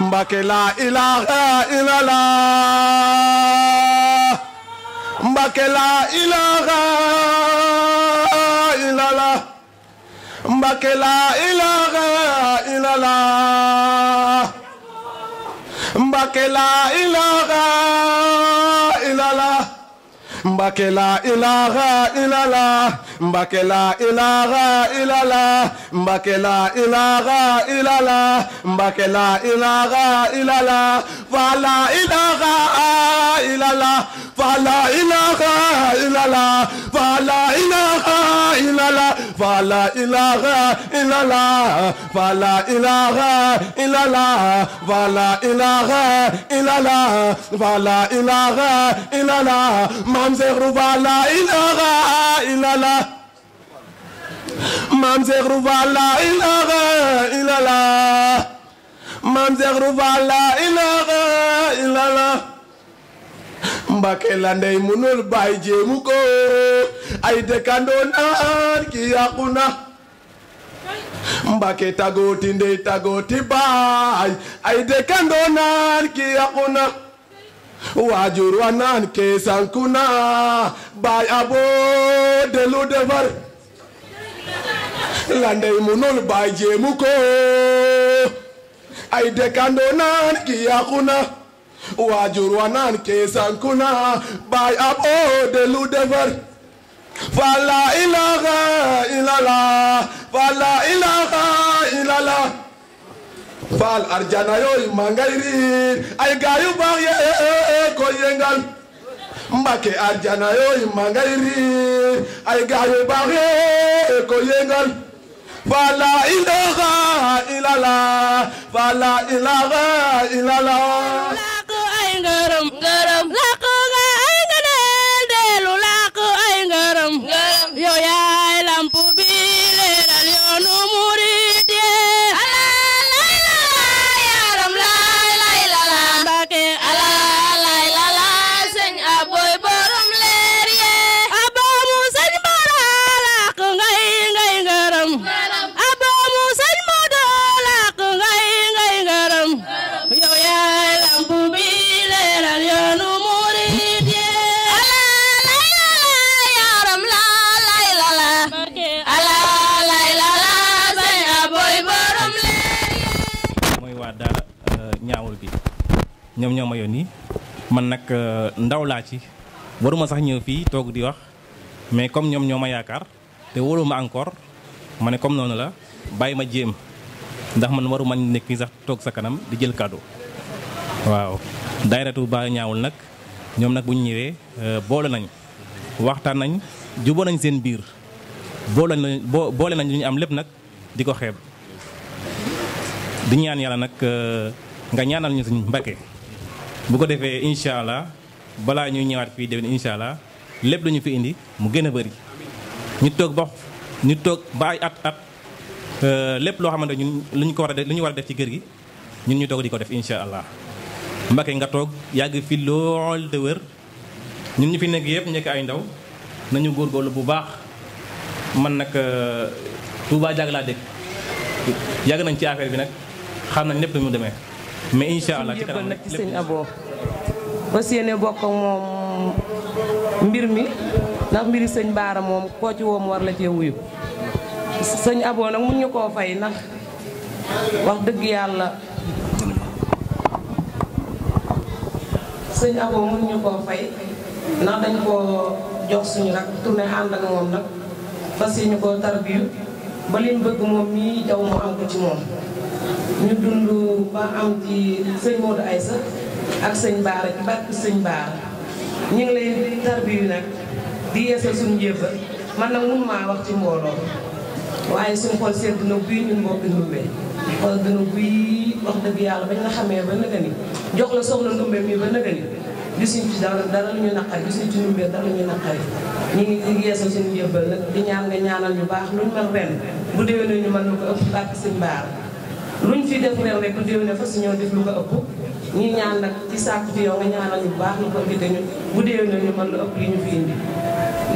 Mbàkke la ilaha illallah Mbàkke la ilaha illallah Mbake la ilaha ilala Mbake la ilaha ilala Mbake la ilaha ilala Mbake la ilaha ilala Fala ilaha ilala Fala ilaha ilala Fala ilaha ilala فلا إله إلا الله فلا إله إلا الله فلا إله إلا الله فلا إله إلا الله مام زغرو فلا إله إلا الله مام زغرو فلا إله إلا الله مام زغرو فلا إله إلا الله Mbàkke la ndey munul bàyyi jéemu ko ay dëkkandoo naan ki yàqu na Mbàkke tagoti ndey tagoti baay ay dëkkandoo naan ki yàqu na waajur wa naan kee sanku na baay aboo delu defar la ndey munul bàyyi jéemu ko ay dëkkandoo naan ki yàqu na waajuurwanaan keessaan kunaa baay aboo deluu defar fala ilaha illallah fala ilaha illallah faal arjana yooy mangayriir ay gaayu baax yee eh, eh, eh, ko yengal mbake arjana yooy mangayriir ay gaayu baax yee ko yengal fala ilaha illallah fala ilaha illallah Get him, get him. ñoom ñoo ma yoon yónni man nag euh, ndaw laa ci waruma sax ñëw fii toog di wax mais comme ñoom ñoo ma yaakaar te wóoluma encore ma ne comme noonu la bàyyi ma jéem ndax man waruma nekk fii sax toog sa kanam di jël kàddu waaw bu ba ñaawul nag ñoom nag bu ñu ñëwee euh, boole nañ waxtaan nañ juboo nañ seen biir boole nañ boole nañ li ñu am lépp nag di ko xeeb di ñaan yàlla nag euh, nga ñaanal ñu suñu Mbacké bu ko defee incha allah balaa ñuy ñëwaat fii déwén incha allah lépp lu ñu fi indi mu gën a bëri ñu toog ba ñu toog ba ay at at euh, lépp loo xamante ñun lu ñu ko war a def lu ñu war a def ci kër gi ñun ñu toog di ko def incha allah nga toog yàgg fi lool de wër ñun ñu fi nekk yëpp nekk ay ndaw nañu góorgóorlu bu baax man nag euh, Touba jàgg laa dégg yàgg nañ ci affaire bi nag xam nañ lépp lu mu demee mais incha allah ci kanam sëñ Abo fas yéene bokk moom mbir mi ndax mbiri sëñ Baara moom koo ci woom war la cee wuyu sëñ Abo nag mun ñu koo fay ndax wax dëgg yàlla sëñ Abo mun dañ koo jox suñu rak tourné ànd moom nag fas yéene koo tarbiyu ba bëgg moom mii jaw mu am ko ci moom ñu dund ba am ci sëñ ay Aïssa ak sëñ mbaar ci barke sëñ Baara ñu ngi lay tarbiyu nag di yeesal suñu njëbba man nag mënumaa wax ci mbooloo waaye suñu xol sedd na guy ñun mbokki Ndumbe dina guy wax dëgg yàlla bañ la xamee ba nëgë ni jox la soxna Ndumbe mi ba nëgë ni gisuñ ci dara dara lu ñu naqari gisuñ ci Ndumbe dara lu ñu ngi di yeesal suñu njëbbal nag di ñaan ñu baax luñ mën ren bu déwénee ñu man lu ko sëñ Baara luñ fi def ren rek déwéne def lu ñu ñaan nag ci sàkku ci yow ñu baax ñu ko indi ñu bu déwéne ñu mën li ñu fi indi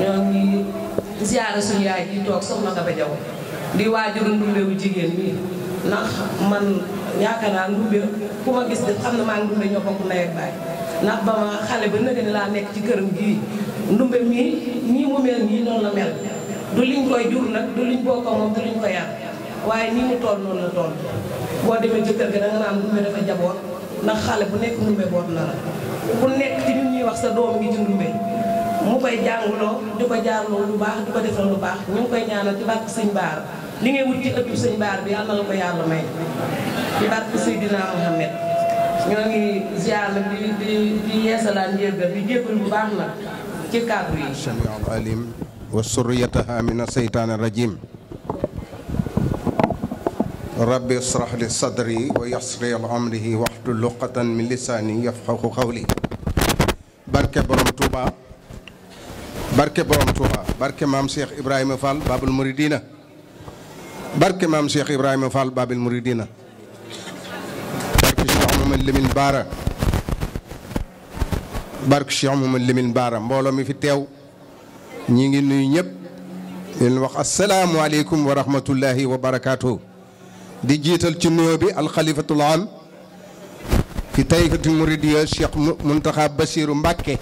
ñoo ngi ziyaara suñu yaay ji di waajur ndumbewu jigéen nii ndax man naa ndumbe ku gis xam na maa ndumbe ñoo bokk ndey ndax ba ma xale laa nekk ci këram gii ndumbe mii ñii mu mel du liñ koy jur nag du liñ bokk moom du liñ ko yar waaye nii mu toll noonu la toll boo demee ci kër gi da nga naan dafa jaboot ndax xale bu nekk ndumbe boot na la bu nekk ci ñun ñuy wax sa doom ngi ci ndumbe mu koy jànguloo di ko jaarloo lu baax di ko defal lu baax ñu ngi koy ñaanal ci barke sëñ Baar li na la ñoo ngi ziar nag di di di yeesalaan njéggal di jéggul bu baax nag ci kàddu yi. alim wa surriyataha min a seytaane rajim ربي اشرح لي صدري ويسر لي عمري واحلل لقة من لساني يفقه قولي barke borom Touba barke borom Touba barke maam Cheikh Ibrahima Fall Babul Mouridina barke maam Cheikh Ibrahima Fall Babul Mouridina barke Cheikh Mouhamad Lamine Bara barke Cheikh Mouhamad Lamine Bara mbooloo mi fi teew ñi ngi nuyu ñëpp leen wax asalaamualeykum wa rahmatullahi wa barakaatu. di jiital ci nuyoo bi alxalifatul am fi tayfati muridiya Cheikh Muntaxa Basiiru Mbàkke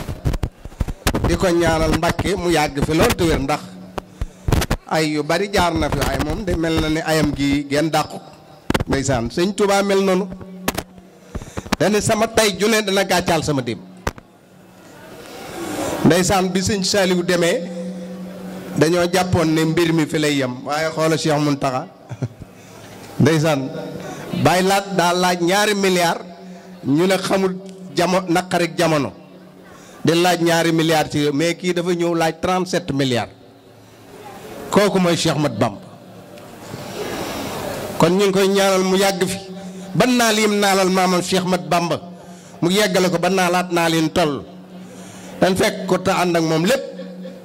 di ko ñaanal Mbàkke mu yàgg fi lool te ndax ay yu bari jaar na fi waaye moom de mel na ni ayam gi genn dàqu ndeysaan sëñ Tuubaa mel noonu dani sama tay ju ne dana gàccaal sama démb ndeysaan bi sëñ Saaliw demee dañoo jàppoon ne mbir mi fi lay yem waaye xoola Cheikh Muntaxa ndeysaan bàyyi laat daa laaj ñaari milliards ñu ne xamul jamono naqari jamono di laaj ñaari milliards ci mais kii dafa ñëw laaj 37 milliards kooku mooy Cheikh Ahmad Bamba kon ñu ngi koy ñaanal mu yàgg fi ban naa lim naalal maamam Cheikh Ahmad Bamba mu yeggale ko ba naalaat naa leen toll dañ fekk ko te ànd ak moom lépp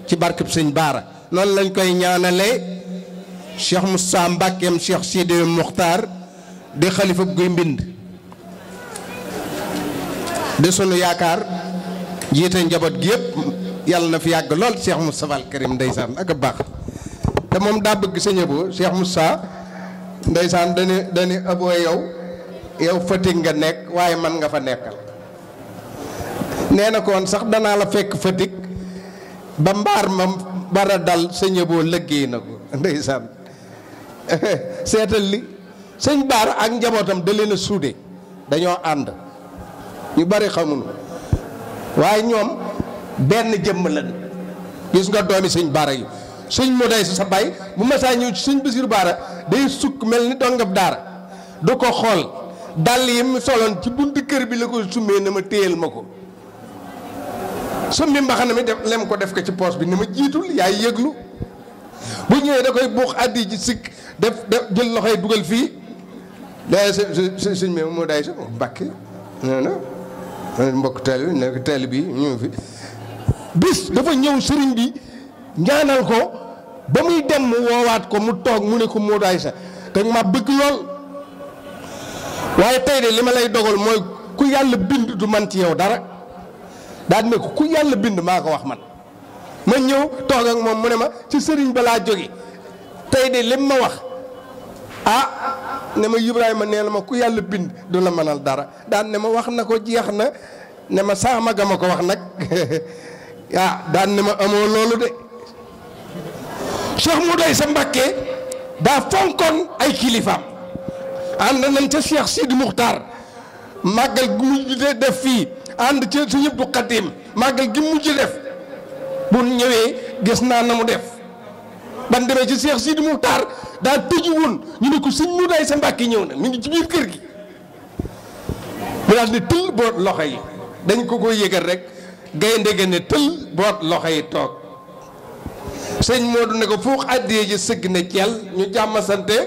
ci barkeb sëñ Baara noonu lañ koy ñaanalee. cheikh Moussa Mbakkeem cheikh Sidi Muxtaar di xalifa guy mbind di sunu yaakaar jiite njaboot gi yëpp yàlla na fi yàgg lool cheikh Moustapha al Karim ndeysaan ak a baax te moom daa bëgg sëñ Abo cheikh Moussa ndeysaan dañu dañu ëboo yow yow Fatick nga nekk waaye man nga fa nekkal nee na ko sax danaa la fekk Fatick ba mbaar ma bara dal sëñ Abo liggéey na ko ndeysaan seetal li sëñ Baara ak njabootam da leen suude dañoo ànd ñu bari xamuñu waaye ñoom benn jëmm lañ gis nga doomi sëñ Baara yi sëñ mu day sa baay bu masaa ñëw ci sëñ Basiru Baara day sukk mel ni dongab daara du ko xool dàll yi mu soloon ci buntu kër bi la ko summee na ma téyel ma ko summi mbaxana mi def lem ko def ko ci poos bi ni ma jiitul yaay yëglu bu ñëwee da koy buux addi ji sikk def def jël loxo yi dugal fii day sa sa suñ ma moo day sa na mbokk taalibe bi nekk dafa ñëw sëriñ bi ñaanal ko ba muy dem ko mu toog mu ne ko moo day sa te ma li ma lay dogal mooy ku yàlla du man ci yow dara daal ne ko ku yàlla bind ko wax man ma ñëw toogak ak moom mu ne ma ci sëriñ balaa jóge tey de lim ma wax ah ne ma Ibrahima nee la ma ku yàlla bind du la mënal dara daan ne ma wax na ko jeex na ne ma saama ga ma ko wax nag ah daan ne ma amoo loolu de Cheikh mu doy sa Mbàkke daa fonkoon ay kilifaam ànd nañ ca Cheikh Sidi Muxtaar màggal gi mujj def fii ànd ca suñu Xaadim màggal gi mujj def pour ñëwee gis naa na mu def ban demee ci Cheikh Sidi Moukhtar daa tëju woon ñu ne ko sëñ mu day sa mbàkk ñëw na ñu ngi ci biir kër gi mu daal ne tël boot loxo yi dañ ko ko yëgal rek gaynde ga ne tël boot loxo yi toog sëñ Modou ne ko foofu àddee ji sëgg na ceel ñu jàmm sante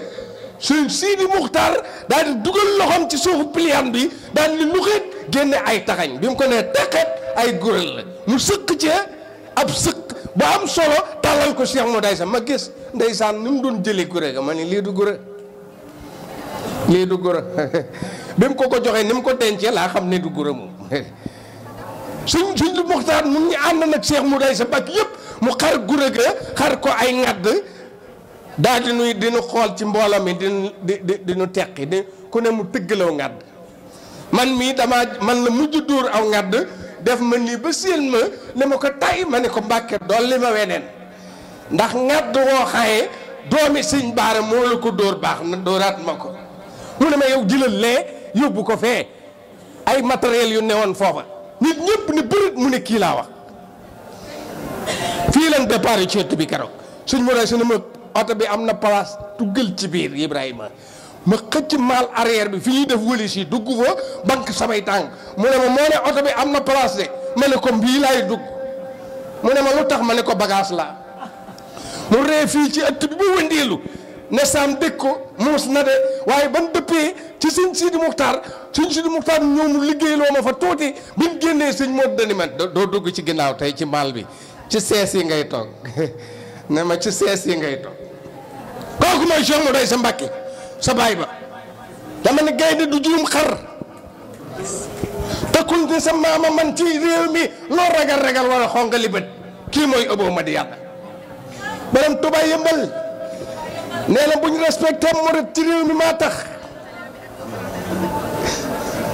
sëñ Sidi Moukhtar daal di dugal loxoom ci suufu pliant bi daal di luxeet génne ay taxañ bi mu ko nee taxeet ay gural la mu sëkk ci ab sëkk bu am solo tàllal ko Cheikh Modaay sax ma gis ndeysaan ni mu doon jëlee gure ga ma ne lii du gure lii du gure bi mu ko ko joxee ni mu ko dencee laa xam ne du gure moom suñ suñ lu moxtaar mu ngi ànd nag Cheikh Modaay sa bàkk yëpp mu xar gure ga xar ko ay ŋadd daal di nuy dinu xool ci mbooloo mi dinu teq dinu teqi di ku ne mu tëggalaw ŋadd man mii damaa man la mujj dóor aw ŋadd def ma nii ba séen ma ne ma ko tay ma ne ko mbàkke dolli ma weneen ndax ngàdd woo xaye doomi sëñ baara moo la ko dóor baax na dóoraat ma ko mu ne ma yow jëlal lee yóbbu ko fee ay matériel yu newoon foofa nit ñëpp ni bërit mu ne kii laa wax fii lan départ ci ëtt bi keroog suñ mu ne su ne ma oto bi am na place tuggal ci biir Ibrahima ma xëcc maal arrière bi fi ñuy def wëlis yi dugg fa banque samay tànk mu ne ma moo ne oto bi am na place de ma ne ko mbii laay dugg mu ne ma lu tax ma ne ko bagage la mu ree fii ci ëtt bi bu wëndeelu ne saam dëkk ko muus na de waaye ban dëppee ci sëñ Sidi Muxtaar sëñ Sidi Muxtaar ñëw liggéey liggéeyloo ma fa tuuti bi ñu génnee sëñ moo dani ma doo dugg ci ginnaaw tey ci maal bi ci sees yi ngay toog ne ma ci sees yi ngay toog kooku mooy Cheikh Modoy sa Mbàkke sa baay ba dama ne gaynde du juum xar takkul ne sa maama man ci réew mi loo ragal ragal wala xongali bët kii mooy Ebo Madiyana borom Tuubaa yëmbal nee na bu ñu respecté murit ci réew mi maa tax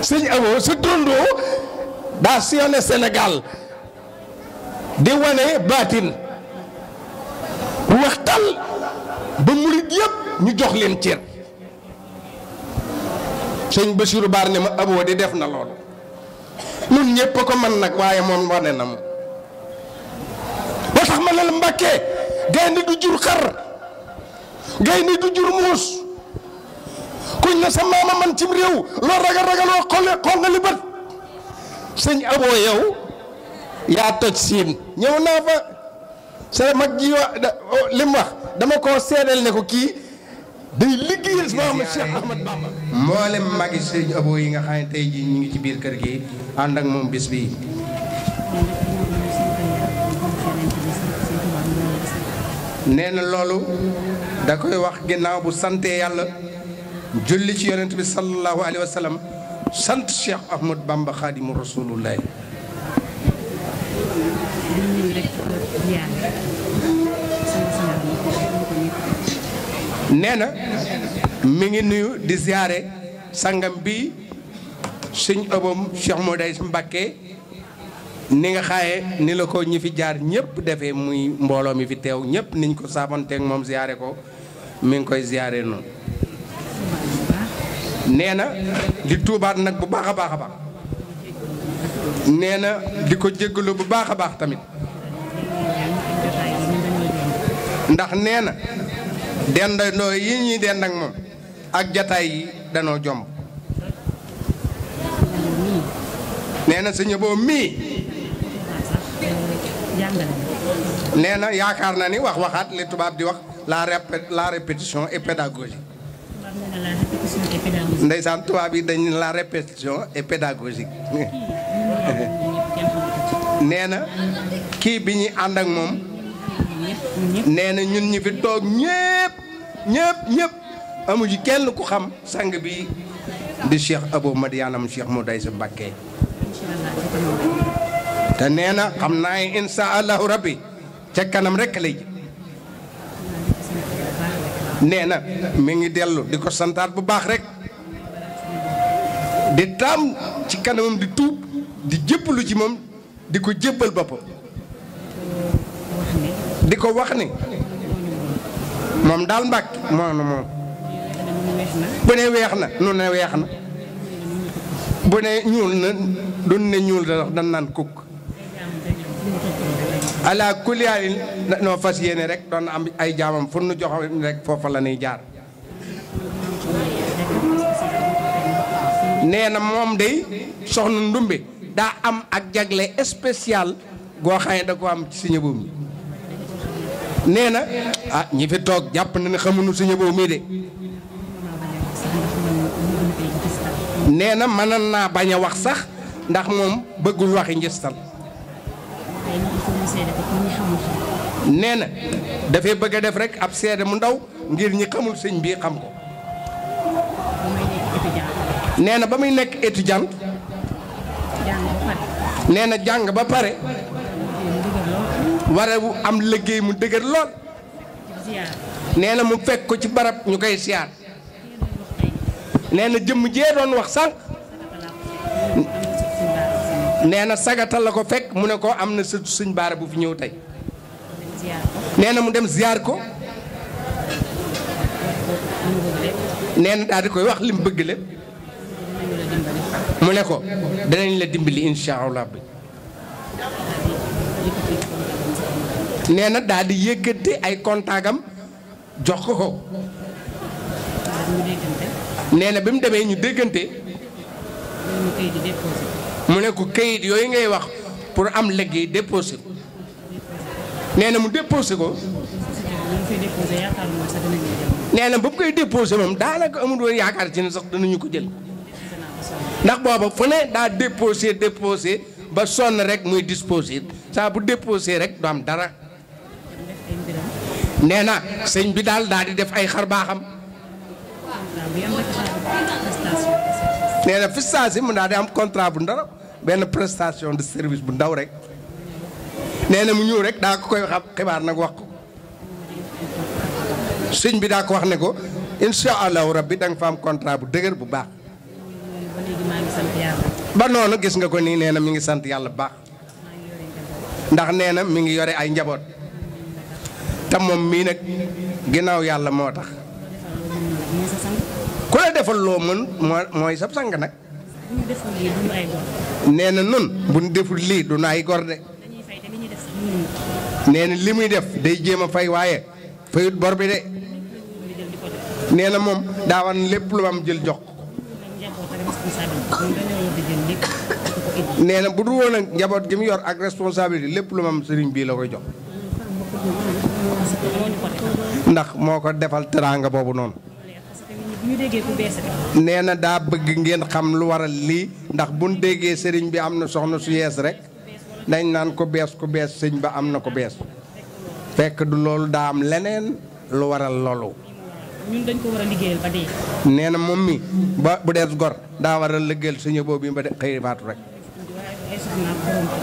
sëñ Ebo sa dundoo daa sillonné Sénégal di wane baatin waxtal ba murit yëpp ñu jox leen cër sëñ Bachirou Baar ne ma aboo di def na loolu ñun ñëpp ko man nag waaye moom wane na ma ba tax ma ne la gaynde du jur xar gaynde du jur muus kuñ la sa maama man cim réew loo ragal ragaloo xool nga li bët sëñ aboo yow yaa toj siin ñëw naa fa sa mag ji oh, li mu wax dama koo seedeel ne ko kii day liggéeyal maama Cheikh Ahmad Bamba. mboolem magi sëñ Abo yi nga xam ne tey jii ñu ngi ci biir kër gi ànd ak moom bis bii. nee na loolu da koy wax ginnaaw bu sante yàlla julli ci yonent bi sallallahu alayhi wa sant Cheikh Ahmad Bamba xaadimu rasulullahi. nee na mi ngi nuyu di ziare sangam bi suñ ëppam Cheikh Moday Mbacke ni nga xaaye ni la ko ñi fi jaar ñépp defee muy mbooloo mi fi teew ñëpp niñ ko saabanteeg moom ziare ko mi ngi koy ziare noonu. nee na di tuubaat nag bu baax a baax a nee na di ko jéggalu bu baax a baax tamit ndax nee na. dendandoo yi ñuy dend ak moom ak jataay yi danoo jomb nee na sëñ boobu mii nee na yaakaar na ni wax waxaat li tubaab di wax la répé la répétition et pédagogie ndeysaan tubaab yi dañ la répétition et pédagogique kii bi ñuy ànd ak moom nee na ñun ñi fi toog ñëpp ñépp ñëpp kenn ku xam sang bi di Cheikh Abou Madianam Cheikh Modou Aïssa Mbacké te nee na xam naa insha allahu rabbi ca kanam rek lay nee na mi ngi dellu di ko santaat bu baax rek di taam ci kanamam di tuub di jëppalu ci moom di ko jëppal boppam di ko wax ni moom daal Mbàkke moo nu moom bu ne weex na nu ne weex na bu ne ñuul na dun ne ñuul da dan naan kukk ala kuliyaalin noo fas yéene rek doon am ay jaamam fu nu joxo rek foofa la ñuy jaar nee na moom day soxna ndumbe daa am ak jagle spécial goo da ko am ci siñe buum Nena, ah ñi fi tok japp na ne xamuñu suñu bo mi de manan na baña wax sax ndax mom bëggul waxi ngistal nee da dafay bëgg def rek ab sédé mu ndaw ngir ñi xamul sëñ bi xam ko nee bamuy nek étudiant nekk jang ba paré war a am liggéey mu dëgër lool nee na mu fekk ko ci barab ñu koy siyaar nee na jëmm jee doon wax sànq nee na sagatal la ko fekk mu ne ko am na sëtu sëñ baare bu fi ñëw tey nee na mu dem ziyaar ko nee na daal di koy wax li mu bëgg lépp mu ne ko danañ la dimbali incha allah. nee na daal di yëkkati ay kontagam jox ko ko nee na bi mu demee ñu déggante mu ne ko kayit yooyu ngay wax pour am liggéey déposé ko nee na mu déposé ko nee na ba koy déposé moom daanaka amul woon yaakaar ci ne sax danañu ko jël ndax booba fu ne daa déposé déposé ba sonn rek muy disposé saa bu déposé rek du am dara. nee na sëñ bi daal daal di def ay xar baaxam nee na fi saa si mu daal di am contrat bu ndara benn prestation de service bu ndaw rek nee na mu ñëw rek daa ko koy xam xibaar nag wax ko sëñ bi daa ko wax ne ko incha allahu bi da nga fa am contrat bu dëgër bu baax. ba noonu gis nga ko nii nee na mi ngi sant yàlla bu baax ndax nee na mi ngi yore ay njaboot. moom mii nag ginnaaw yàlla moo tax ku la defal loo mën mooy sab sang nag nee na nun bu ñu deful lii du na ay gor de nee na li muy def day jéem a fay waaye fayut bor bi de nee na moom daawan lépp lu am jël jox nee na bu dul woon ak njaboot gi mu yor ak responsabilité lépp lu mam bii la koy jox ndax moko defal teranga bobu non neena da bëgg ngeen xam lu waral li ndax buñ déggé sëriñ bi amna soxna su yes rek dañ nan ko bes ko bes sëriñ ba amna ko bes fekk du loolu da am leneen lu waral loolu. ñun dañ ko wara liggéeyal ba dé neena mom mi ba bu dess gor da wara liggéeyal sëñ bobu bi ba xëy baatu rek.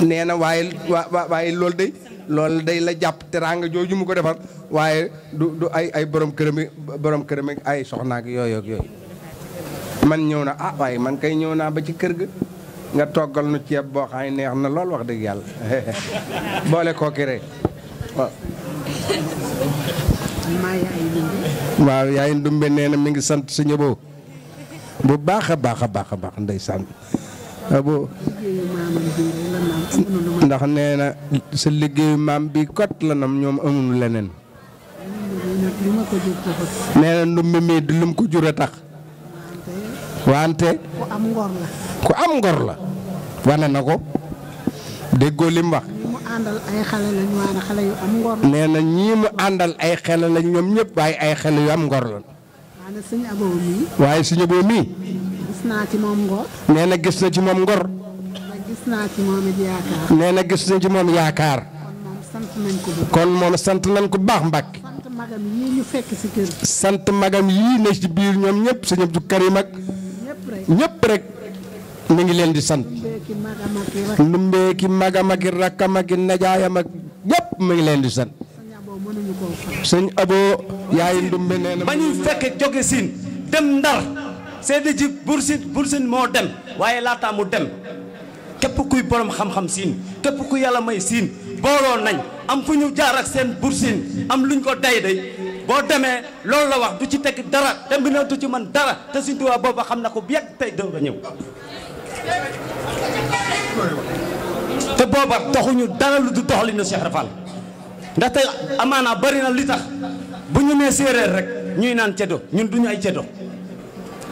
neena waye waye waaye de. lool day la jàpp teraanga jooju mu ko defar waaye du du ay ay borom këram borom ay soxnaak yooyu ak yooyu. man ñëw na ah waaye man kay ñëw naa ba ci kër gi nga toggal nu ceeb boo xam ne neex na lool wax dëgg yàlla boole kooki rek waaw. waaw yaay Ndumbe nee na mi ngi sant sa ñëboo bu baax a baax a baax a baax ndeysaan. abo ndax nee na sa liggéeyu maam bii kot la nam ñoom amul leneen nee na ndumbi mii di lum ko jur tax wante ku am ngor la wane na ko déggoo lim wax nee na ñii mu àndal ay xele lañ ñoom ñëpp waaye ay xele yu am ngor la waaye suñu aboo mii gis naa gis na ci moom ngor. gis na gis na ci moom yaakaar. kon moom sant nañ ko baax Mbàkke. sant magam yii ñu ci biir ñoom ñëpp sëñ Abdou Karim ak. ñëpp rek. mi ngi leen di sant. numbee ki magam ak i rakkam ak i najaayam ak ñëpp mi ngi leen di sant. sëñ Abo. yaay ndumbe nee na. ba ñuy fekk jóge siin dem Ndar. Seydi ji bursin bursin moo dem waaye laataa mu dem képp kuy borom xam-xam siin képp ku yàlla may siin booloo nañ am fu ñu jaar ak seen bursin am luñ ko day day boo demee loolu la wax du ci teg dara dem bi na du ci man dara te Sëñ Tuubaa booba xam na ko bu yàgg tey doog a ñëw te booba taxuñu dara lu du doxali na Cheikh Rafal ndaxte amaana bari na li tax bu ñu nee séeréer rek ñuy naan ceddo ñun duñu ay ceddo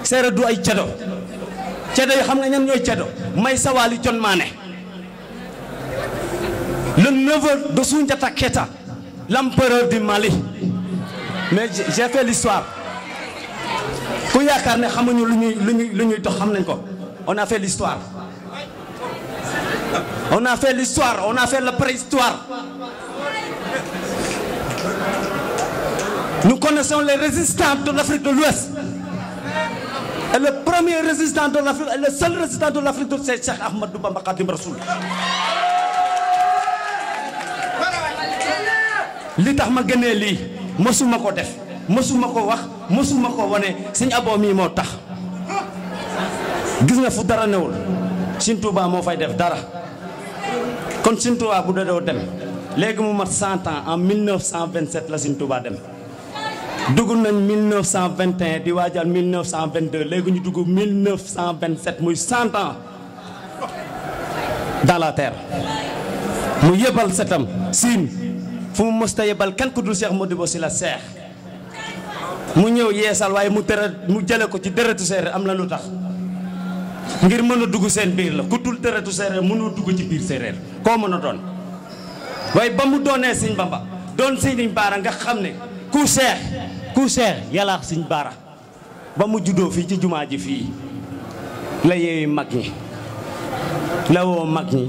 du ay xam nga ñan le neveu de Soundiata keta l'empereur du Mali mais j'ai fait l'histoire ne on a fait l'histoire on a fait l'histoire on a fait la préhistoire nous connaissons les résistants de l'Afrique de l'Ouest Et le premier résistant de l'Afrique, et le seul résistant de l'Afrique, c'est Cheikh Ahmadou Bamba Khadim Rassoul. li tax ma génnee lii mësuma ko def mësuma ko wax mësuma ko wane sëñ aboo mii moo tax gis nga fu dara newul sëñ Tuubaa moo fay def dara kon sëñ Tuubaa bu dadoo dem léegi mu mat 100 ans en 1927 la sëñ Tuubaa dem dugg nañ 1921 di waajal 1922 léegi ñu dugg 1927 muy 100 ans dans la terre mu yebal setam siin fu mu mës ta yebal kenn ku dul Cheikh Modibo la Seex mu ñëw yeesal waaye mu deret mu jële ko ci deretu séeréer am na lu tax ngir mën a dugg seen biir la ku dul deretu séeréer mënoo dugg ci biir séeréer koo mën a doon waaye ba mu doonee Sëñ Bamba doon Sëñ Baara nga xam ne ku seex ku seex yàllaax siñ baara ba mu juddoo fii ci jumaa ji fii la yeewi mag ñi la woo mag ñi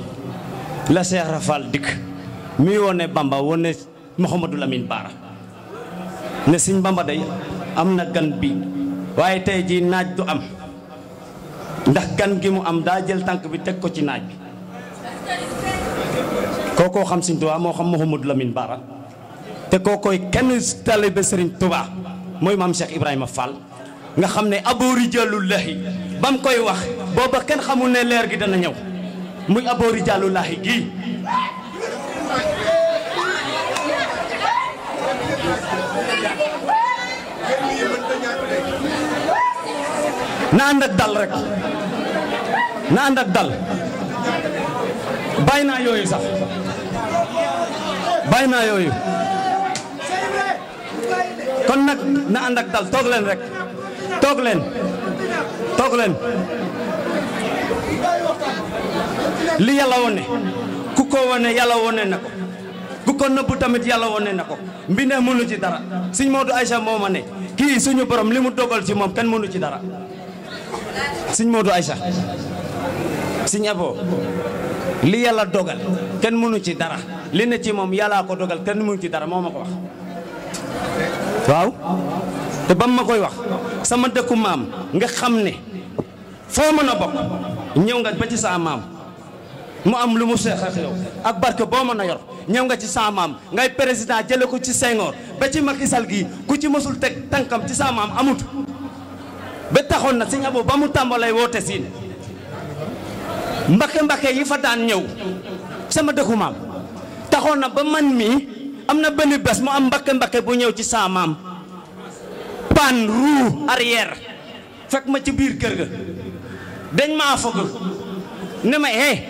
la seex rafal dikk mi wone bamba wone Mouhamadou lamin Baara ne siñ bamba day am na gan bi waaye tey ji naaj du am ndax gan gi mu am daa jël tànk bi teg ko ci naaj bi kookoo xam siñ Tuubaa moo xam Mouhamadou Lamine Baara te kookoy kenn taalibe Sëriñ Tuubaa mooy maam Cheikh Ibrahima Fall nga xam ne aboo rijaalullahi ba mu koy wax booba kenn xamul ne leer gi dana ñëw muy aboo rijaalullahi gii na ànd ak dal rek na ànd ak dal bàyyi naa yooyu sax bàyyi naa yooyu kon nag na ànd ak toog leen rek toog leen toog leen li yàlla wone ku ko wone yàlla wone na ko ku ko nëbbu tamit yàlla wone na ko mbindeef mënu ci dara sëñ Modou Aïcha moo ne kii suñu borom li mu dogal ci moom kenn mënu ci dara sëñ Modou Aïcha sëñ Abo li yàlla dogal kenn mënu ci dara li ne ci moom yàllaa ko dogal kenn mënu ci dara mooma ko wax waaw te bam ma koy wax sama dëkku maam nga xam ne foo mën a bokk ñëw nga ba ci sa maam mu am lu mu seex ak yow ak barke boo mën a yor ñëw nga ci sa maam ngay président jële ko ci Senghor ba ci Macky Sall gii ku ci mësul teg tànkam ci sa maam amut ba taxoon na sëñ Abo ba mu tàmbalay woote siin mbake mbake yi fa daan ñëw sama dëkku maam taxoon na ba man mii Amna na benn bés mu am mbake mbake bu ñew ci samam pan ru arrière fek ma ci bir kër ga dañ ma fogg ne ma hé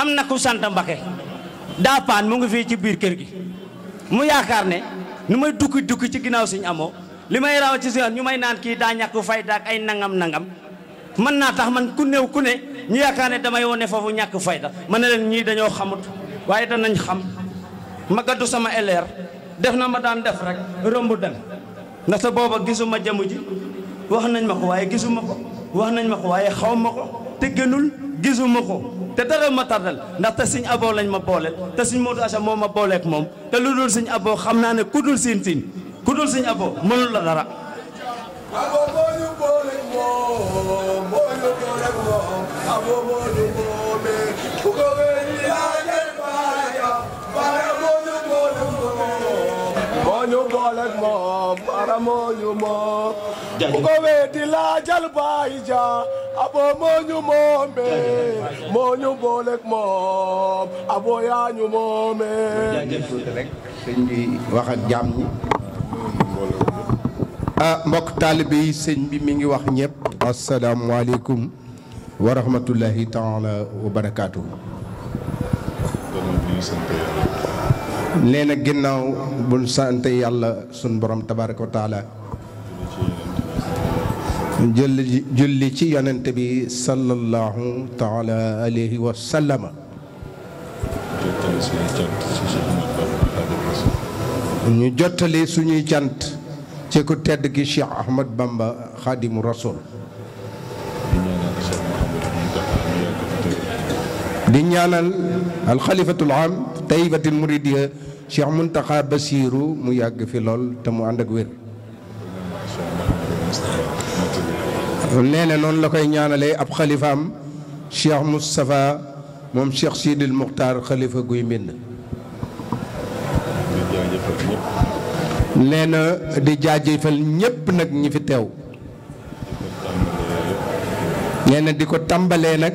am ku sant mbake da pan mu ngi fi ci bir kër gi mu yaakar ne nu may dukki dukki ci ginaaw señ amo limay ci ñu may naan ki da ñak fayda ak ay nangam nangam man na tax man ku neew ku ne ñu yaakaar ne damay woné fofu ñak fayda da man leen ñi dañoo xamut da nañ xam ma gaddu sama eleer def na ma daan def rek romb dem ndaxte booba gisuma jamu ji wax nañ ma ko waaye gisuma ko wax nañ ma ko waaye xaw ma ko te gënul gisuma ko te dara ma ndax te siñ aboo lañ ma booleel te siñ Modou Acha moo ma booleek moom te lu dul siñ aboo xam naa ne ku dul siin siin ku dul siñ aboo mënul la dara ak moom bu ko weeti laajal baay ja aboo moo ñu moome moo ñu booleeg moom aboo yaa ñu moome bi wax ah, mbokk taalibe yi bi mi ngi wax ñëpp asalaamaaleykum wa rahmatullahi taala wa nee na ginnaaw buñ sant yàlla sun borom tabaraka wa taala julli ci yonent bi sallallahu taala alayhi wa sallama ñu jottali suñuy cant ci ku tedd gi Cheikh Ahmad Bamba Xaadimu Rasul di ñaanal al xalifatul am taybatil muridiya Cheikh Muntaxa Basiiru mu yàgg fi lool te mu ànd ak wér nee na noonu la koy ñaanalee ab xalifaam Cheikh Moustapha moom Cheikh Sidil Muxtaar xalifa guy mbind nee na di jaajëfal ñépp nag ñi fi teew nee di ko tàmbalee nag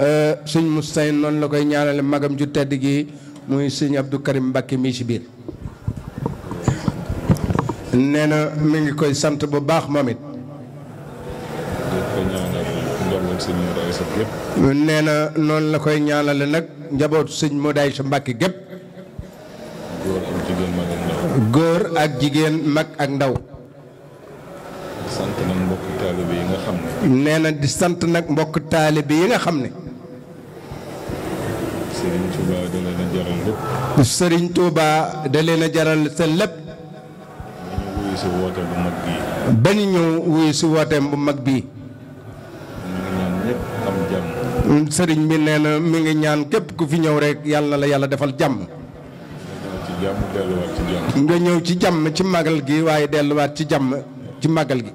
Euh, sëñ Moustapha noonu la koy ñaanale magam ju tedd gi muy sëñ Abdou Karim Mbacke mii ci biir nee na mi ngi koy sant bu baax moom it nee na noonu la koy ñaanale nag njabootu sëñ Modaay sa gépp góor ak jigéen mag ak ndaw nee na di sant nag mbokk taalibe yi nga xam ne Serigne Touba da leen a jaral lépp. Serigne Touba bu mag bii. sëriñ bi nee na mi ngi ñaan képp ku fi ñëw rekk yàlla la yàlla defal jàmm. nga ñëw ci jàmm ci màggal gi waaye delluwaat ci jàmm ci màggal gi.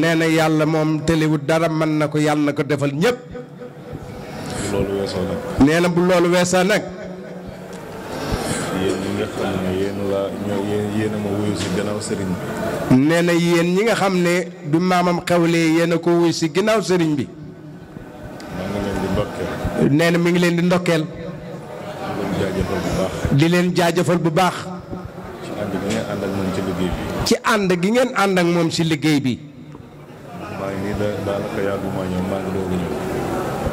nee na yàlla moom tëlewut dara mën na ko yàlla na ko defal ñépp loolu na bu loolu weesoo nag. yéen ñi nga xam ne yéen bi. nee na yéen ñi nga xam ne du maamam xewlee yéen a ko wuyu si gannaaw sëriñ bi. maa leen di ndokkeel. nee na mi ngi leen di ndokkeel. di leen jaajëfal bu baax. ci ànd gi ngeen ànd ak moom ci liggéey bi. maa ngi nii daanaka yàggu ma ñëw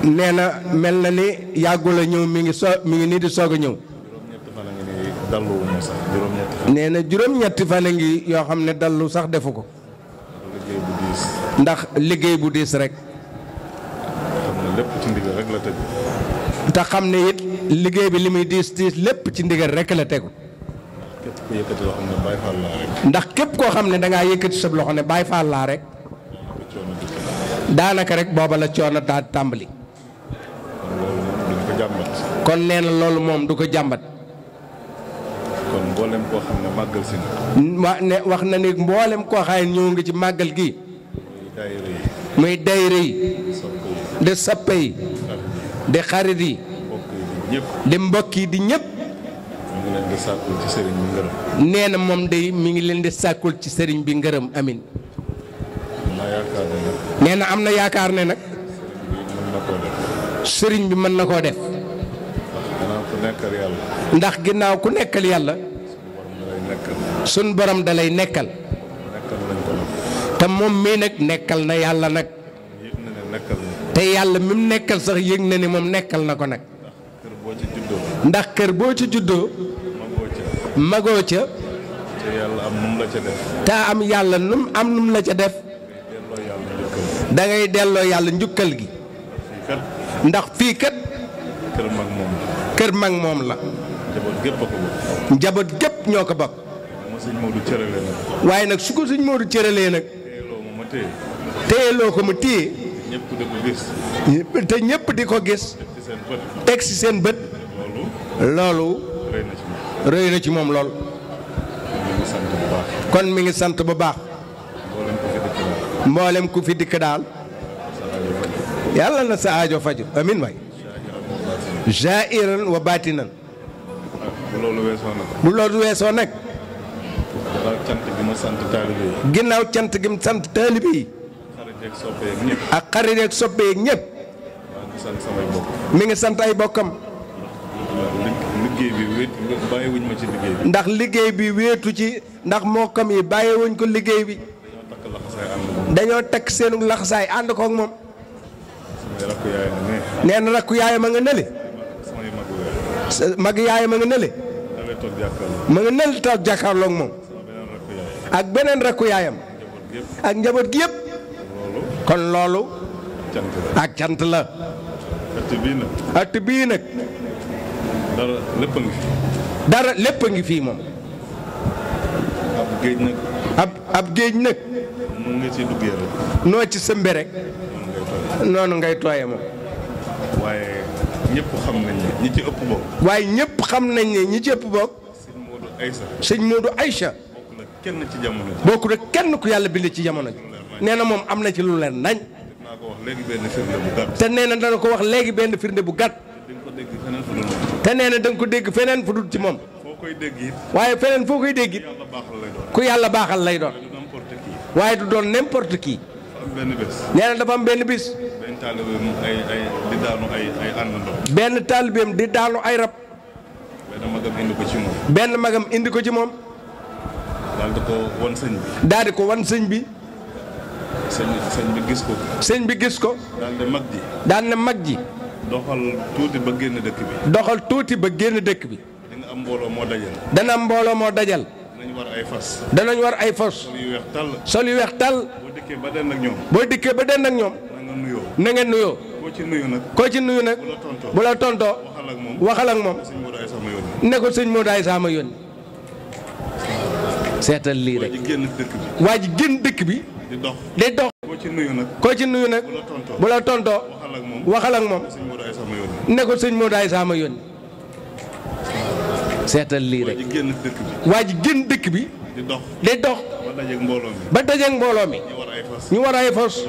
nee na mel na ni yàggula a ñëw mi ngi so mi ngi nii di soog a ñëw. nee na juróom-ñetti fan a ngi yoo xam ne dallu sax defu ko. ndax liggéey bu diis rek. te xam ne it liggéey bi li muy diis diis lépp ci ndigal rek la tegu. ndax képp koo xam ne dangaa yëkkati sab loxo ne Baay Faal laa rek. daanaka rek booba la coono daal tàmbali. kon nee na loolu moom du ko jàmbat. kon mboolem koo xam ne màggal si na. wax na ni mboolem koo xam ne ñëw nga ci màggal gi. muy dayre yi. di sappe yi. di xarit yi. di mbokk yi di ñëpp. nee na moom day mi ngi leen di sàkkul ci sëriñ bi ngërëm amin nee na am na yaakaar ne nag. sëriñ bi mën na koo def. nekkal ndax ginnaaw ku nekkal yàlla. suñ borom da lay nekkal. te moom mii nag nekkal na yàlla nag. te yàlla mi mu nekkal sax yëg na ni moom nekkal na ko nag. ndax kër boo ci juddoo. magoo ca. te am yàlla num am num la ca def. da delloo yàlla njukkal gi. ndax fii kat. kër mag moom la. kër mag moom la. njaboot gépp a ko bokk. ñoo ko bokk. waaye nag su ko sëñ Modou cëralee nag. téyeloo ko mu téye. ko gis. te ñëpp di ko gis. teg ci seen bët. loolu. rëy na ci moom lool. kon mi ngi sant bu baax. mboolem ku fi dikk daal. yàlla na sa aajo faju amin waay. jaa'iran wa baatinan bu loolu weesoo nag. bu loolu weesoo nag. ginnaaw cant gi ma sant taalibe yi. gi sant taalibe yi. ak xarit ak soppe yeeg ñëpp. mi ngi sant ay bokkam. liggéey liggéey bi. ndax liggéey bi wéetu ci ndax mokkam yi bàyyiwuñ ko liggéey bi. dañoo takk seenu laxasaay ànd koog moom. nee rakku yaayam a nga nële. mag yaayam a nga nële ma nga nël toog jàkkaarloog moom ak beneen rakku yaayam ak njaboot gi yëpp kon loolu ak cant la att bii nag dara lépp a ngi fii moom ab géej nag ab géej nag ci duggee noo ci sëmbe rek noonu ngay tooye moom ñëpp xam nañ ne ñi ci ëpp bokk. waaye ñëpp xam nañ ne ñi ci ëpp bokk. sëñ Modou du sëñ Modou Aïcha. bokk na kenn ci jamono bokk na kenn ku yàlla bind ci jamono ji. nee na moom am na ci lu leen nañ. te nee na dana ko wax léegi benn firnde bu gàtt. te nee na ko dégg feneen fu dul ci moom. waaye feneen foo koy dégg it. ku yàlla baaxal lay doon. waaye du doon n'importe qui. nee dafa am benn bis. taalibeem ay ay di daanu ay àndandoo. benn taalibeem di daanu ay rab. benn magam indi ko ci moom. benn magam indi ko ci moom. daal ko wan sëñ bi. daal ko wan sëñ bi. sëñ sëñ bi gis ko. sëñ bi gis ko. daal mag ji. daal na mag ji. doxal ba génn dëkk doxal tuuti ba génn dëkk bi. dina am mbooloo moo dajal. dana am mbooloo moo dajal. danañ war ay fas. danañ war ay fas. sol yu weex tàll. sol yu weex tàll. boo dikkee ba den ak ñoom. boo dikkee ba denn ak ñoom. na ngeen nuyoo. koo ci nuyu nag. koo ci nuyu nag. bu la tontoo waxal ak moom ne ko sëñ Modou Aïssa ma yónni. seetal lii rek waa ji génn dëkk bi. di dox di dox. koo ci nuyu nag. koo ci nuyu nag bu la tontoo waxal ak sëñ Modou Aïssa ma yónni. seetal lii rek waa dëkk bi. dox di dox. ba dajeeg mbooloo mi. ñu war fos.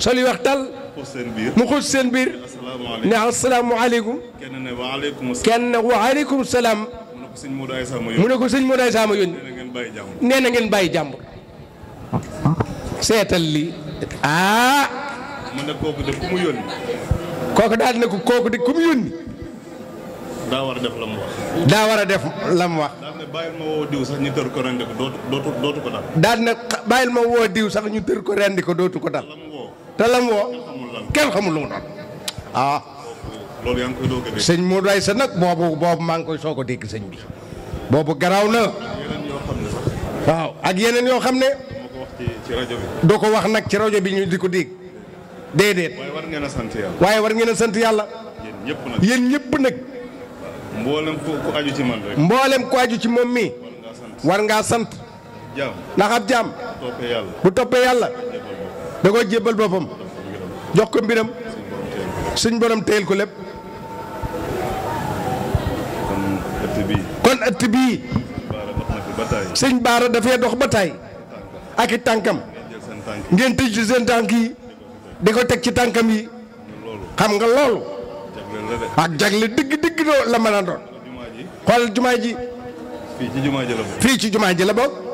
soli wax tal mu xuus seen biir ne asalaamaaleykum kenn ne waaleykum salaam mu ne ko sëñ Modou Aïssa li ah. mu ne kooku de ku mu yónni. kooku daal ne def la mu wax. daa war a def la mu wax. daal ne bàyyil ma woo diw sax ñu tër ko rendi ko ko dal. daal ne bàyyil ma woo diw sax ñu tër ko rendi ko ko dal. te la kenn xamul lu ah lolou yang koy doge a dégg sëñ Modou Aïssa nag bobu boobu maa koy soko deg seigne bi bobu graw na waaw ak yenen yo xamne doko wax nak ci radio bi ñu diko deg dedet déedéet war ngeena sante yalla yàlla war ngeena sante sant yàlla aju ci man rek mbolam ko aju ci mom mi war ngaa sant ndax ab yalla bu topé yalla da ko jébal bopam jox ko mbiram suñ borom téyel ko lépp. kon ëtt bii. sëñ Baara dafay dox ba taay. ak i tànkam. ngeen tëj seen tànk yi. di ko teg ci tànkam yi. xam nga loolu. ak jagle digg digg la mën a doon. xool jumaa ji. fii ci jumaa ji la bokk.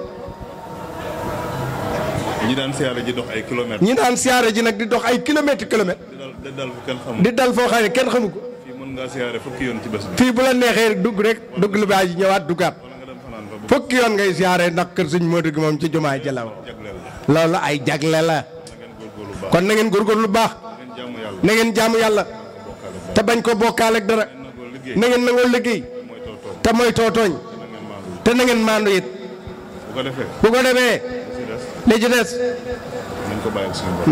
ñi daan siyaare ji dox ay kilomètres. ñi daan siyaare ji nag di dox ay kilomètres kilomètres. di dal foo kenn kenn xamu ko. fii bu la neexee dugg rek dugg lu baax ñëwaat duggaat. fukki yoon ngay siyaare ndax kër suñ Modou gi moom ci jumaay ji loolu ay jagle la. kon na ngeen góorgóorlu lu baax. na ngeen yàlla. te bañ ko bokkaale dara. na nangoo liggéey. te mooy tootooñ. te na maandu it. bu ko defee. li ci des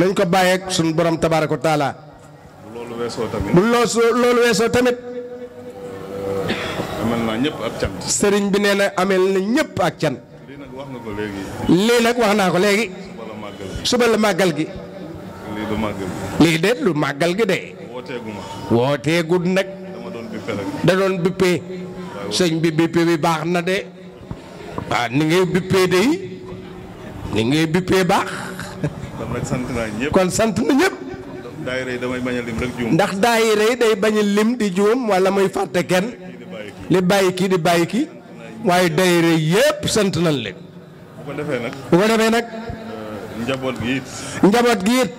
nañ ko bàyyeek suñu borom tabaaraka taala bu loolu weesoo tamit euh, sëriñ bi nee na amel na ñëpp ak cant. lii nag wax ko léegi. lii nag wax naa ko léegi. suba la màggal gi. lii du màggal gi. lii de lu màggal ma. wooteegu nag. dama doon doon bippe. sëñ bi bippe bi baax na de. waaw ah, ni ngay bippe de ni ngay bippee baax. kon sant na ñëpp. ndax daayira yi day bañ a lim di juum wala muy fàtte kenn li bàyyi kii di bàyyi ki waaye daayira yëpp sant na leen. bu ko defee nag bu ko defee nag. Euh, njaboot gi it. njaboot gi it.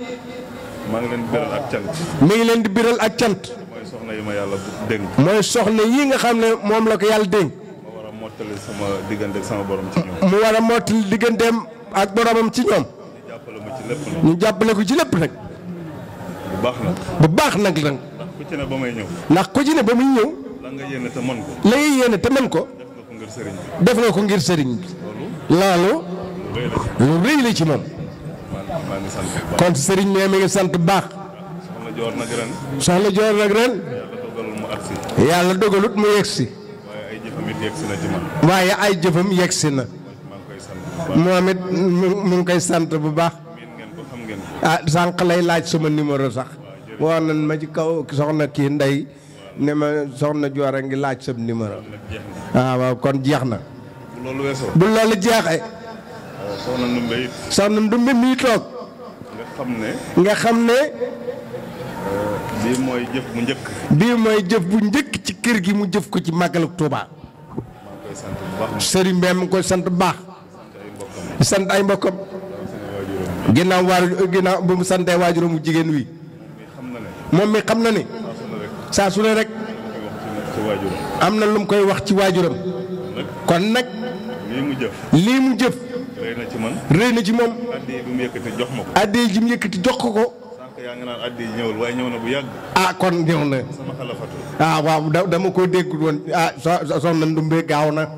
maa ngi leen di biral ak cant. mi ngi leen di biral ak cant. mooy soxna yi ma yàlla dénk. mooy soxna yi nga xam ne moom la yàlla dénk. mu war sama diggante sama borom mu war a mottali digganteem. ak boromam ci ñoom. ñu jàppale ko ci lépp nag. bu baax nag. bu baax nag nag. ndax ku ci ne ba may ñëw. ndax ku muy ñëw. la yéene te mën ko. la def nga ko ngir sëriñ bi. loolu. lu rëy la ci moom. kon sëriñ nee mi ngi sant bu baax. soxla joor nag ren. soxla joor yàlla dogalut mu yegsi. waaye ay jëfam yegsi na ci waaye ay jëfam yegsi na. moom it mu ngi koy sant bu baax ah sànq lay laaj sama numéro sax woo nan ma ci kaw soxna kii ndey ne ma soxna joor a ngi laaj sam numéro ah waaw kon jeex na bu loolu jeexee ah, soxna ndumbe mii toog nga xam ne ah, bii mooy jëf bu njëkk ci kër gi mu jëf ko ci màggalu Tuubaa sëriñ bi mu ngi koy sant bu baax di sant ay mbokkam ginnaaw waar ginnaaw bu mu santee waajuram mu jigéen wi moom mi xam na ne saa su ne rek am na lu mu koy wax ci waajuram kon nag lii mu jëf rëy na ci man rëy na ci moom addi bi mu yëkkati jox ma ko addi ji jox ko ko yaa ngi naan addi waaye ñëw na bu yàgg ah kon ñëw na sama ah, waaw dama ko dégg woon ah soxna Ndumbe gaaw na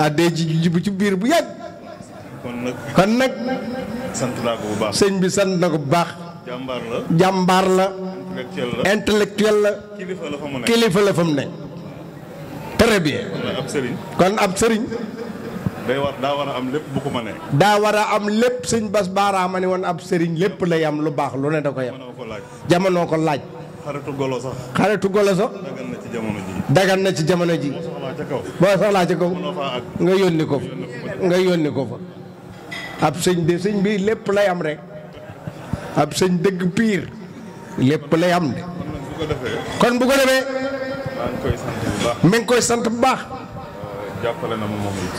addi ji ci biir bu yàgg kon nag kon nag. sant naa ko sëñ bi sant na ko bu baax. jàmbaar la jàmbaar la. intellectuel la kilifa la fa mu ne kilifa la fa kon ab sëriñ. day war daa war a am lépp bu ko mënee. daa war a am lépp sëñ Bass Bara ma ne woon ab sëriñ lépp la yam lu baax lu ne da ko yam. jamono ko laaj. xaritu golo sax. xaritu dagan na ci jamono ji. dagan na ci jamono ji. boo soxlaa ca kaw. nga yónni ko fa nga yónni ko fa. ab sëñ de sëñ bii lépp lay am rek ab sëñ dëgg piir lépp lay am de kon bu ko defee mi ngi koy sant bu baax euh,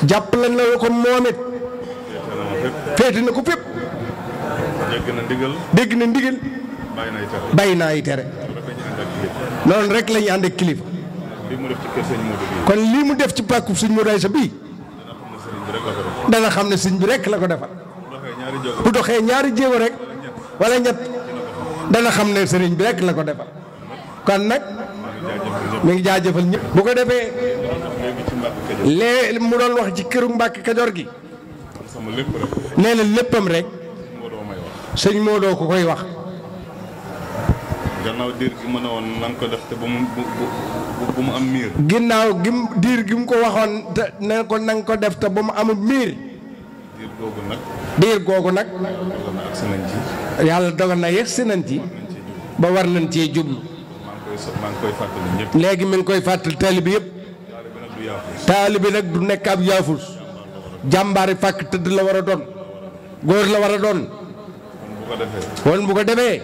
jàppale na ma ko moom it féete na ko fépp dégg na ndigal dégg na ndigal bàyyi naa tere noonu rek la ñu ak kilifa kon lii mu def ci pàkku sëñ Modou Aïssa bii dana xam ne sëñ bi rek la ko defal bu doxee ñaari jéego rek wala ñett dana xam ne sëriñ bi rek la ko defal kon nag mi ngi jaajëfal ñëpp. bu ko defee lee mu doon wax ci këru Mbàkke Kajoor gi nee na léppam rek sëñ Modou ko koy wax. gannaaw diir gi mu ne woon na nga ko def te bu mu bu am miir. ginnaaw gi diir gi mu ko waxoon te ne ko na ko def te ba mu amul miir. diir googu nag. yàlla dogal na yegg si ci. ba war nañ cee jublu. maa koy fàttali ñëpp. léegi mi ngi koy fàttali taalibe yëpp. taalibe nag du nekk ab yaafus. jàmbaari fàkk tëdd la war a doon. góor la war a doon. kon bu ko defee.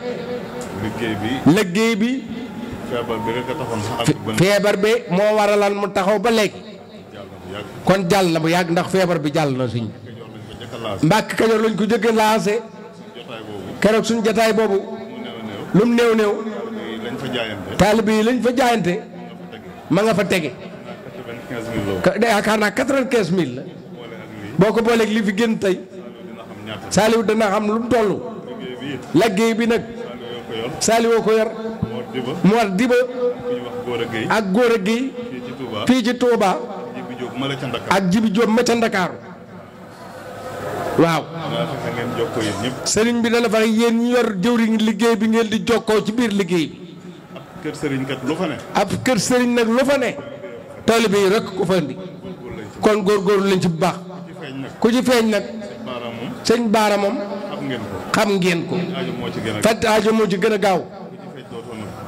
liggéey bi liggéey bi. feebar bi rek a taxoon moo waralan mu taxaw ba léegi. kon jàll na bu yàgg ndax feebar bi jàll na suñ. mbàkk kajoor lañ ko jëkk lancé. keroog suñ jataay boobu. lu mu néew néew. taalibe yi lañ fa jaayante. ma nga fa tege. yaakaar naa quatre-vingt-quinze boo ko booleeg li fi génn tey. Saliou dana xam lu mu toll. liggéey bi nag. ko yor. Saliou ko yor. Mor Diba. Diba. ak Gora Gueye. fii fii ci Touba. ak Jibi ma ca Ndakaaru waaw. sëriñ bi dana fa yéen yor jëwriñ liggéey bi ngeen di jokkoo ci biir liggéey bi. ab kër sëriñ kat lu fa nag lu fa ne. taalibe yi rek ku fa indi. kon góorgóorlu lañ ci bu baax. ku ci feeñ nag. sëñ Baara xam ngeen ko faj aajo moo ci gën a gaaw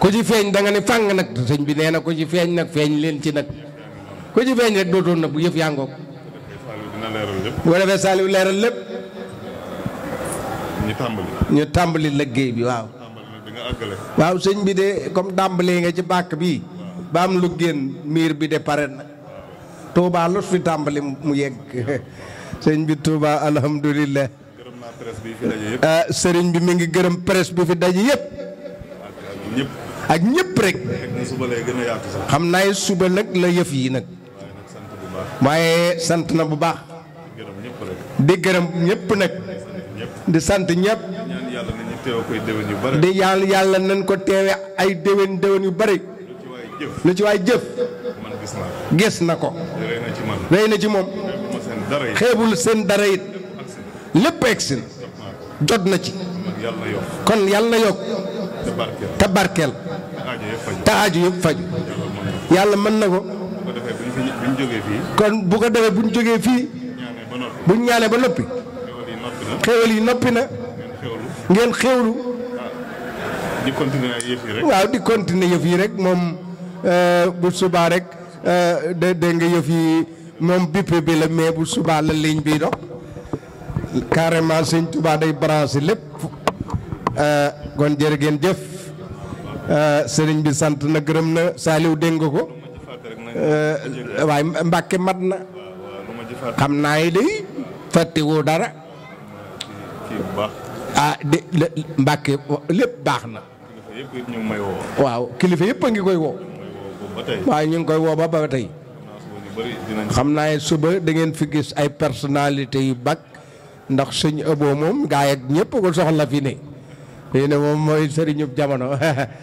ku ci feeñ da nga ne fàng nag sëñ bi nee na ku ci feeñ nag feeñ leen ci nag ku ci feeñ rek dootoon na bu yëf yaa ngoog bu defee saaliw leeral lépp ñu tàmbali ñu tàmbali bi waaw sëñ bi de comme tàmbali nga ci bàkk bi ba am lu génn miir bi de pare nag Touba lu fi tàmbali mu yegg sëñ bi Touba alhamdulillah Ah, sëriñ bi mi ngi gërëm presse bi fi daje yëpp. ak ñëpp rek. xam naay suba nag la yëf yi nag. waaye sant na bu baax. di gërëm ñëpp nag. di sant ñëpp. di yàlla yàlla nañ ko teewe ay déwén déwén yu bari lu ci waay jëf. gis na ko. rëy na ci moom. xeebul seen dara it. lépp egsi na jot na ci kon yàlla na yokk te barkeel te aaju yëpp faju yàlla mën na ko kon bu ko defee bu ñu jógee fii bu ñu ñaanee ba noppi xéwal yi noppi na ngeen xéwlu waaw di continuer yëf yi rek moom euh, bu subaa rek euh, dégg nga yëf yi moom bippe bi la mais bu subaa la ligne bi dox carrément sëñ Touba day branché lépp euh, kon jërë ngeen jëf euh, sëriñ bi sant na gërëm na Saliou dégg nga ko euh, waaye Mbàkke mat na xam naa yi day dara ah de Mbàkke lépp baax na waaw kilifa yëpp a ngi koy woo waaye ñu ngi koy woo ba ba tey xam naa suba da fi gis ay personnalité yu bag ndax sëñ ëboo moom gaa ak ñëpp ko soxla fi ne fii ne moom mooy sëriñub jamono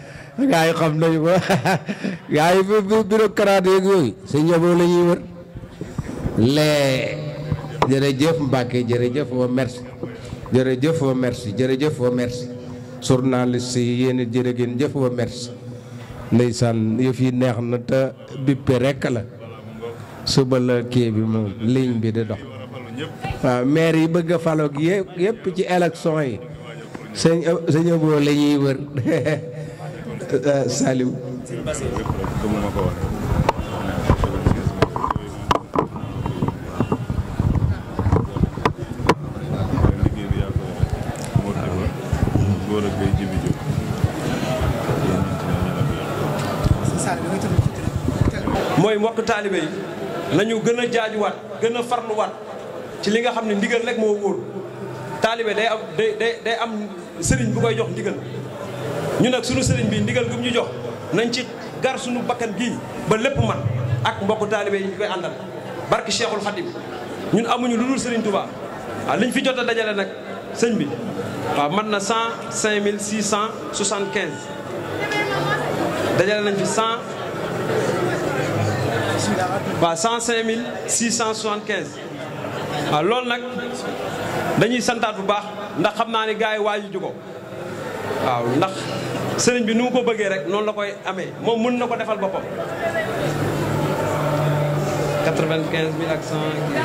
gaa yi xam nañu ko gaa yi bu bureaucrate yeeg yooyu sëñ ëboo la ñuy wër wa merci jërëjëf wa wa merci journaliste yi yéen it jërë jëf wa merci ndeysaan yëf yi neex na te bippe rekk la suba la kii bi moom ligne bi di dox waaw maire yi bëgg a faloog yëpp yëpp ci élection yi sëñ sëñ Abo la ñuy wër euh, Saliou mooy mbokk taalibe yi nañu gën a jaajuwaat gën a ci li nga xam ne ndigal rek moo wóor taalibe day am day am sëriñ bu koy jox ndigal ñu nag sunu sëriñ bi ndiggal gum ñu jox nañ ci gar sunu bakkan gi ba lépp mat ak mbokku taalibe yi ñu koy àndal barke Cheikhul Khadim ñun amuñu lu dul sëriñ Touba waaw liñ fi jot a dajale nag sëñ bi waaw man na cent cinq mille six cent soixante quinze dajale nañ fi cent waaw cent cinq mille six cent soixante quinze waaw loolu nag dañuy santaat bu baax ndax xam naa ne gaa yi waaju ju ko waaw ndax sëriñ bi nu mu ko bëggee rek noonu la koy amee moom mën na ko defal boppam. 95 mille ak 100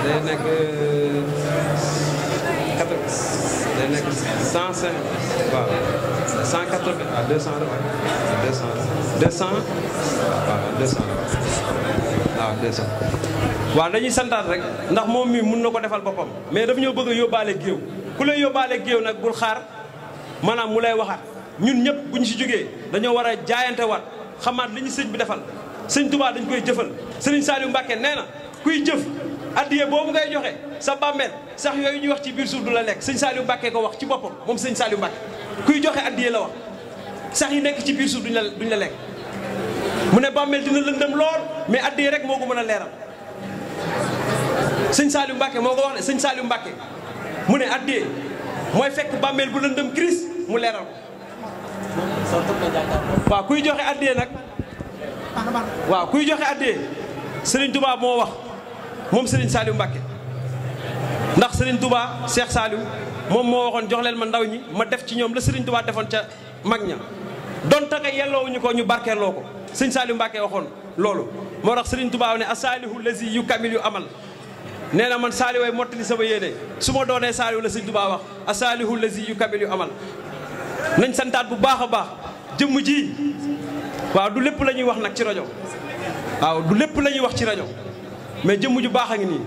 day nekk day nekk 105 waaw 180 ah, waaw waaw dañuy santaat rek ndax moom mii mun na ko defal boppam mais daf ñoo bëgg a yóbbaale géew ku lay yóbbaale géew nag bul xaar maanaam mu lay waxaat ñun ñëpp bu ñu si jógee dañoo war a jaayante waat xamaat li ñu sëñ bi defal sëñ Tuubaa dañ koy jëfal sëriñ Saliou Mbacke nee na kuy jëf addiye boobu ngay joxe sa bàmmeel sax yooyu ñuy wax ci biir suuf du la lekk sëñ Saliou Mbacke ko wax ci boppam moom sëñ Saliou Mbacke kuy joxe addiye la wax sax yi nekk ci biir suuf duñ duñ la lekk mu ne bàmmeel dina lëndëm lool mais addiye rek moo ko mën a leeral sëñ Saliou Mbacke moo ko wax de sëñ Saliou Mbacke mu ne addee mooy fekk bàmmeel bu lëndëm crise mu leeral waa kuy joxe addee nag waaw kuy joxe addee sëriñ Touba moo wax moom sëriñ Saliou Mbacke ndax sëriñ Touba Cheikh Saliou moom moo waxoon jox leen ma ndaw ñi ma def ci ñoom la sëriñ Touba defoon ca mag ña don taka yelloowuñu ko ñu barkeeloo ko sëñ Saliou Mbacke waxoon loolu moo tax sëriñ Touba ne asalihu lazi yu kamil yu amal nee na man saaliway mottali sama yéene su ma doonee saaliw la sëñ Tuubaa wax a saalihu si yu kabil yu amal nañ santaat bu baax a baax jëmm ji waaw du lépp la ñuy wax nag ci rajo waaw du lépp lañuy wax ci rajo mais jëmm ju baax a ngi nii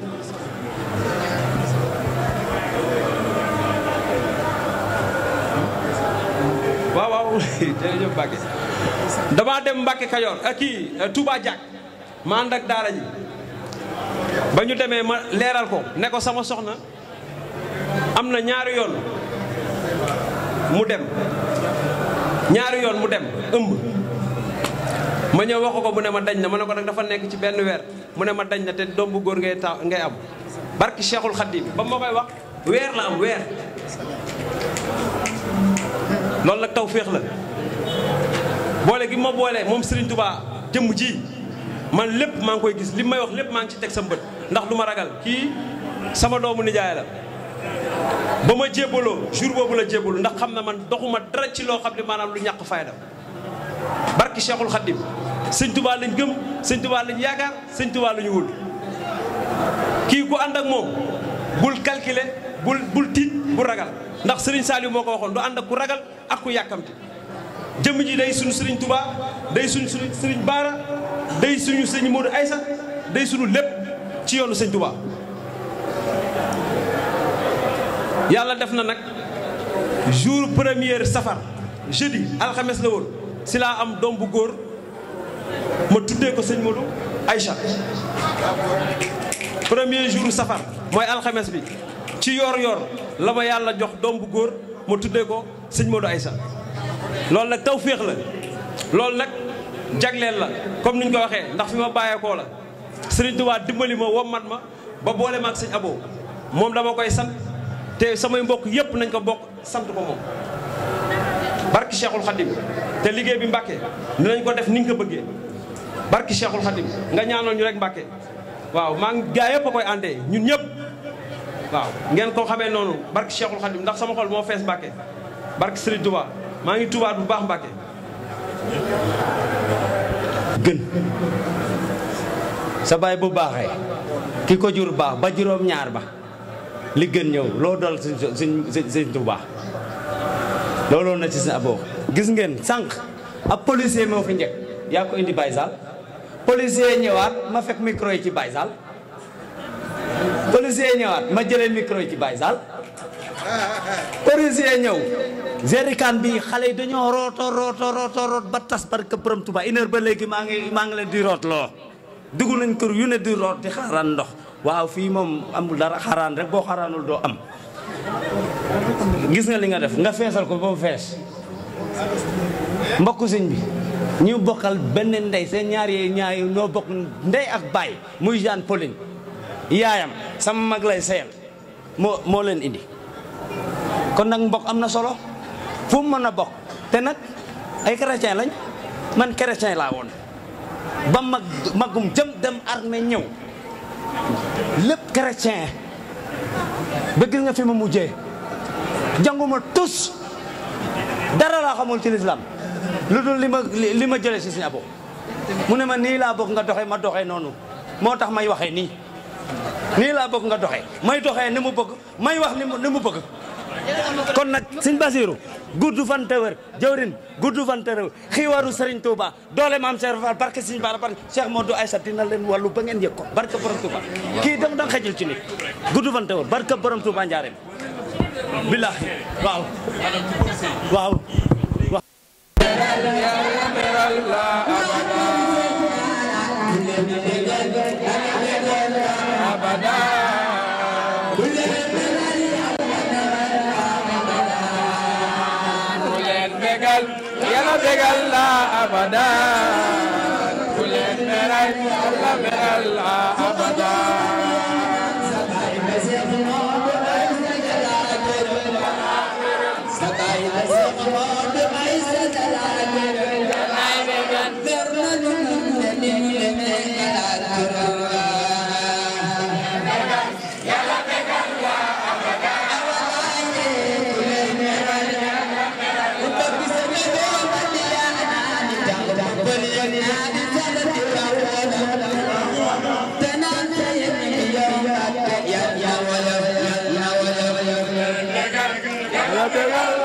waaw waaw jërëjëf Mbacke dem Mbacke Kajoor ak eh, kii eh, Touba Diak ma ànd ak daara ba ñu demee ma leeral ko ne ko sama soxna am na ñaari yoon mu dem ñaari yoon mu dem ëmb ma ñëw wax ko mu ne ma dañ na ma ne ko nag dafa nekk ci benn weer mu ne ma dañ na te doom bu góor ngay ta ngay am barki Cheikhul Khadim ba ma koy wax weer la am weer loolu nag taw féex la boole gi ma boole moom Serigne Touba jëmm ji man lépp maa ngi koy gis li may wax lépp maa ngi ci teg sa mbët ndax du ma ragal kii sama doomu nijaay la ba ma jébbaloo jour boobu la jébbalu ndax xam na man doxuma dara ci loo xam ne maanaam lu ñàkk fayda barki Cheikhul Khadim sëñ Tuubaa lañ gëm sëñ Tuubaa lañ yaakaar lañu wul kii ku ànd ak moom bul calculer bul bul tiit bu ragal ndax Serigne Saliou moo ko waxoon du ànd ak ku ragal ak ku yàkkamti jëmm ji day suñu Serigne Touba day suñu Serigne Baara day suñu Serigne Modou Aïssa day suñu lépp. ci yoonu sëñ Touba yàlla def na nag jour premier safar jeudi alxames la woon si laa am doom bu góor ma tuddee ko sëñ Modou Aïcha premier jour safar mooy alxames bi ci yor-yor la ma yàlla jox doom bu góor ma tuddee ko sëñ Modou Aïcha loolu nag tawféex la loolu nag jagleel la comme niñ ko waxee ndax fi ma bàyyeekoo la Serigne Touba dimbali ma wommat ma ba boole ma ak sëñ Abo moom dama koy sant te samay mbokk yëpp nañ ko mbokk sant ko moom. barki Cheikhul Khadim te liggéey bi Mbacke nañ ko def ni nga ko bëggee barki Cheikhul Khadim nga ñaanal ñu rek Mbacke waaw maa ngi gaa yëpp koy àndee ñun ñëpp. waaw ngeen ko xamee noonu barki Cheikhul Khadim ndax sama xol moo fees Mbacke barki Serigne Touba maa ngi tubaat bu baax Mbacke gën. sa baay bu baxé kiko jur bax ba jurom ñaar ba li gën ñew lo dal suñ suñ tu na ci sa gis ngeen sank ab policier mo fi ñek ya ko indi Baye Sall policier ñewat ma fek micro ci Baye policier ñewat ma jëlé micro ci Baye policier ñew jerrycan bi xalé dañu roto roto roto rot ba tas barke borom touba une heure ba léegi ma ngi ma ngi di rot lo dugg nañ kër yu ne di root di xaaraan ndox waaw fii moom amul dara xaaraan rek boo xaaraanul doo am gis nga li nga def nga feesal ko ba mu fees mbokk sëñ bi ñu bokkal benn ndey seen ñaar yee ñaar ñoo bokk ndey ak baay muy Jean Pauline yaayam sama mag lay seyal moo moo leen indi kon nag mbokk am na solo fu mu mën a bokk te nag ay chrétien lañ man chrétien laa woon ba mag magum jëm dem armée ñëw lépp chrétien ba gis nga fi ma mujje jànguma tus dara laa xamul ci lislaam lu dul li ma li ma jële si Sëñ Abo mu ne ma nii laa bëgg nga doxee ma doxe noonu moo tax may waxee nii nii laa bëgg nga doxe may doxee ni mu bëgg may wax ni mu bëgg kon nag sëñ Basiru gudd fan te wér jawrin gudd fan te wér xiiwaru Serigne Touba doole maam Cheikh Fall barke sëñ Bara barke Cheikh Modou Aïssa dina leen wàllu ba ngeen yëg ko barke borom Touba kii dem danga xejul ci nit gudd fan te wér barke borom Touba njaareem billahi waaw waaw bégal la abada ku leen meray la bégal la Yeah.